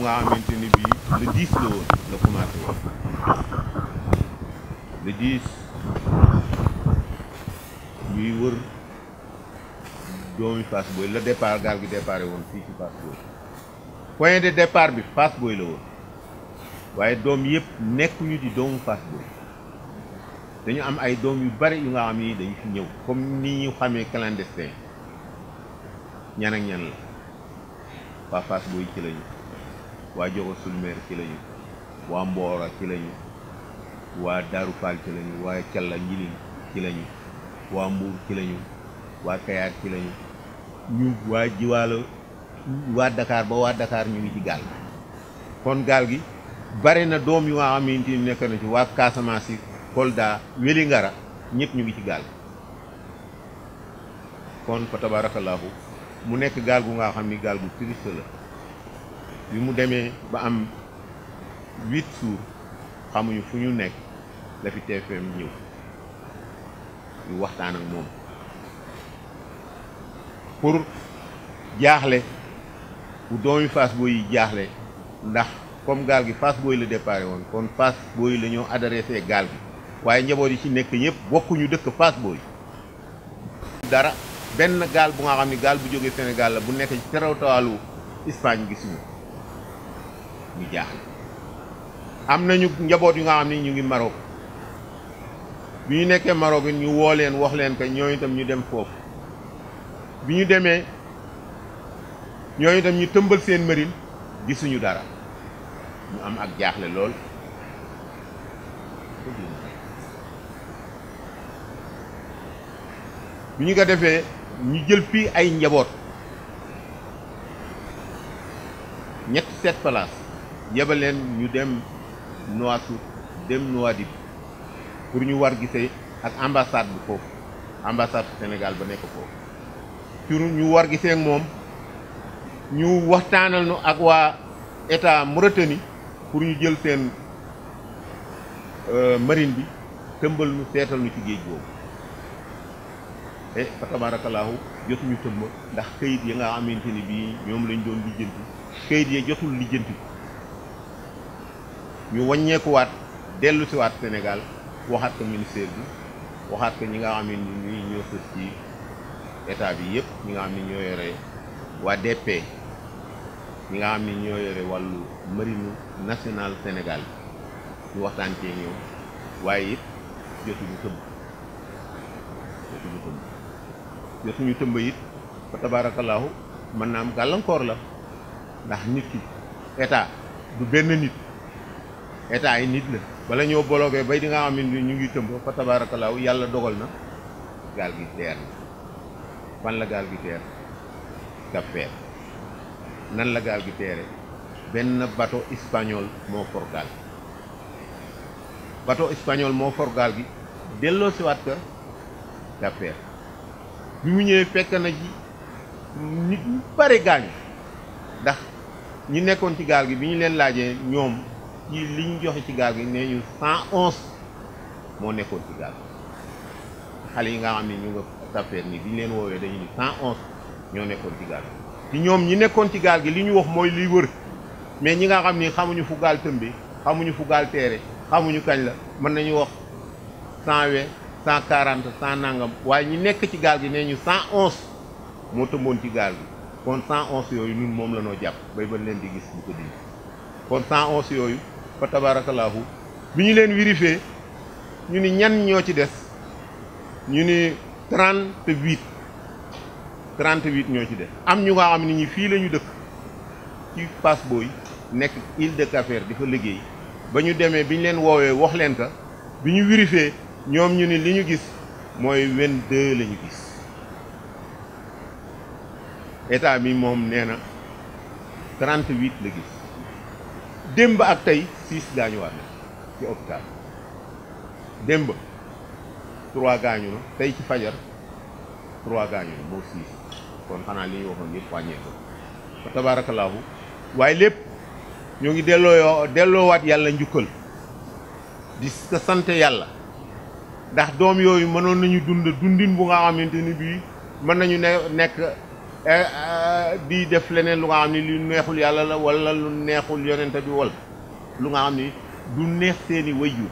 boobu nga xamante ni bii le 10 la woon la commencé woon le fii ci Fass Boye point de départ bi Fass booy la woon waaye doom yëpp nekkuñu di doomu Fass Boye dañu am ay doom yu bari yu nga xam ni dañu fi ñëw comme ni ñu xamee clandestin ñan ak ñan la waa Fass Boye ci lañu waa Jogo Sulmer ci lañu waa Mboora ci lañu waa Daaru Fall ci lañu waa Calla Njilin ci lañu waa Mbuur ci lañu waa Kayaar ci lañu ñu waa Jiwaalo waa Dakar ba waa Dakar ñu ngi ci gaal gi kon gaal gi bare na doom yu waa xamante ni nekk na ci waa Casamance yi Kolda Wélingara ñu ngi ci gaal gi kon fa mu nekk gaal gu nga xam ni gaal gu triste la bi mu demee ba am huit jours xamuñu fu ñu nekk la fi TFM ñëw ñu waxtaan ak moom pour jaaxle bu doomi Fass Boy yi jaaxle ndax comme gaal gi Fass Boy la déparé woon kon Fass Boy la ñoo adressé gaal gi waaye njaboot yi ci nekk ñëpp bokkuñu dëkk Fass Boy dara benn gaal bu nga xam ne gaal bu jógee Sénégal la bu nekk ci terawtawalu Espagne gisuñu bu am nañu njaboot yu nga xam ni ñu ngi Maroc bi ñu nekkee Maroc ñu woo leen wax leen que ñooñu itam ñu dem foofu bi ñu demee ñooñu itam ñu tëmbal seen marine gisuñu dara ñu am ak jaaxle lool bi ñu ko defee ñu jël fii ay njaboot ñetti seet place yebal ñu dem Nouakchott dem Nouadhibou pour ñu war gisee ak ambassade bu foofu ambassade bu Sénégal ba nekk foofu pour ñu war gisee moom ñu waxtaanal nu ak waa état Mauritanie pour ñu jël seen euh, marine bi tëmbal nu seetal nu ci géej boobu e fa tabarakallahu jotuñu tëmb ndax kayit ya nga xamante ni bii ñoom lañ doon lijjanti kayit ya jotul lijjanti ñu wàññeekuwaat dellusiwaat Sénégal waxaat ko ministère bi waxaat ko ñi nga xam ne ñuy ñoo sës ci état bi yëpp ñi nga xam ne ñoo yore waa DP ñi nga xam ne ñoo yore wàllu marine nationale Sénégal ñu waxtaan cee ñëw waaye it jotuñu tëmb jotuñu tëmb jotuñu tëmb it fa tabaarakallaahu mën naa am gàllankoor la ndax nit ki état du benn nit état yi nit la bala ñoo bloqué bay di nga xam ñu ngi tëmb fa tabaarakalaaw yàlla dogal na gaal gi teer na fan la gaal gi teer Cap nan la gaal gi teere benn bateau espagnol moo for gaal bateau espagnol moo for gaal gi delloo siwaat ka Cap bi mu ñëwee fekk na ji nit ñu bare gaañu ndax ñi nekkoon ci gaal gi bi ñu leen laajee ñoom ci li ñu joxe ci gaal gi nee ñu cent onze moo nekkoon ci gaal gi xale yi nga xam ne ñu nga sapeur ni bi ñu leen woowee dañu ni cent onze ñoo nekkoon ci gaal gi ñoom ñi nekkoon ci gaal gi li ñu wax mooy liy mais ñi nga xam ni xamuñu fu gaal tëmbe xamuñu fu gaal teere xamuñu la mën nañu wax cent we quarante cent nangam waaye ñi nekk ci gaal gi nee ñu cent onze moo tëmboon ci gaal gi kon cent onze yooyu ñun moom la noo jàpp bay ba leen di gis bu ko dindi kon cent onze yooyu fa tabaarakallaahu bi ñu leen vérifié ñu ni ñan ñoo ci des ñu ni trente huit trente ñoo ci des am ñu nga am ni ñi fii la ñu dëkk ci Fass Boye nekk Île de Cap-Vert di fa liggéey ba ñu demee bi ñu leen woowee wax leen ka bi ñu vérifié ñoom ñu ni li ñu gis mooy vingt deux lañu gis état bi moom nee na trente huit ak tey six gaañuwaat na ci hôpital démb trois gaañu na tey ci fajar trois gaañu na moo six kon xanaa li waxoon yëpp wàññeeku fa tabaarakallaahu waaye lépp ñoo ngi delloo delloowaat yàlla njukkal di ko sant yàlla ndax doom yooyu mënoon nañu dund dundin bu nga xamante ni bii mën nañu ne nekk eh, eh, di def leneen lu nga xam ne lu neexul yàlla la wala lu neexul yonente bi wala lu nga xam ni du neex seeni waajur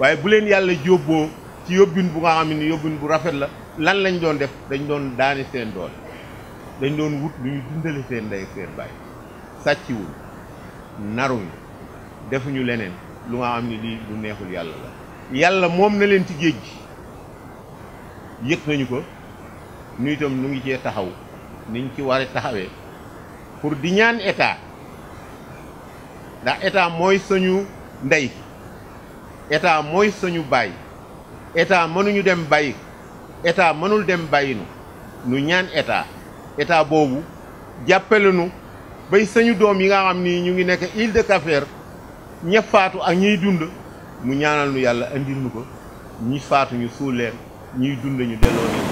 waaye bu leen yàlla jóbboo ci yóbbin bu nga xam ni yóbbin bu rafet la lan lañ doon def dañ doon daani seen doole dañ doon wut lu ñu dundale seen ndey ak seen baay sàcciwul naruñu defuñu leneen lu nga xam ni lii lu neexul yàlla la yàlla moom na leen ci géej gi yëg nañu ko nu itam nu ngi cee taxaw niñ ci war taxawee pour di ñaan état ndax état mooy suñu ndey état mooy suñu baay état mënuñu dem bàyyi état mënul dem bàyyi nu nu ñaan état état boobu jàppale nu bay suñu doom yi nga xam ni ñu ngi nekk Île de Cap-Vert ña faatu ak ñuy dund mu ñaanal nu yàlla indil nu ko ñi faatu ñu suul leen dund ñu delloo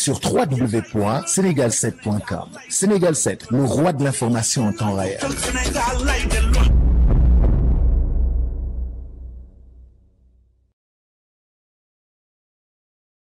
sur www.sénégal7.com. Sénégal 7, le roi de l'information en temps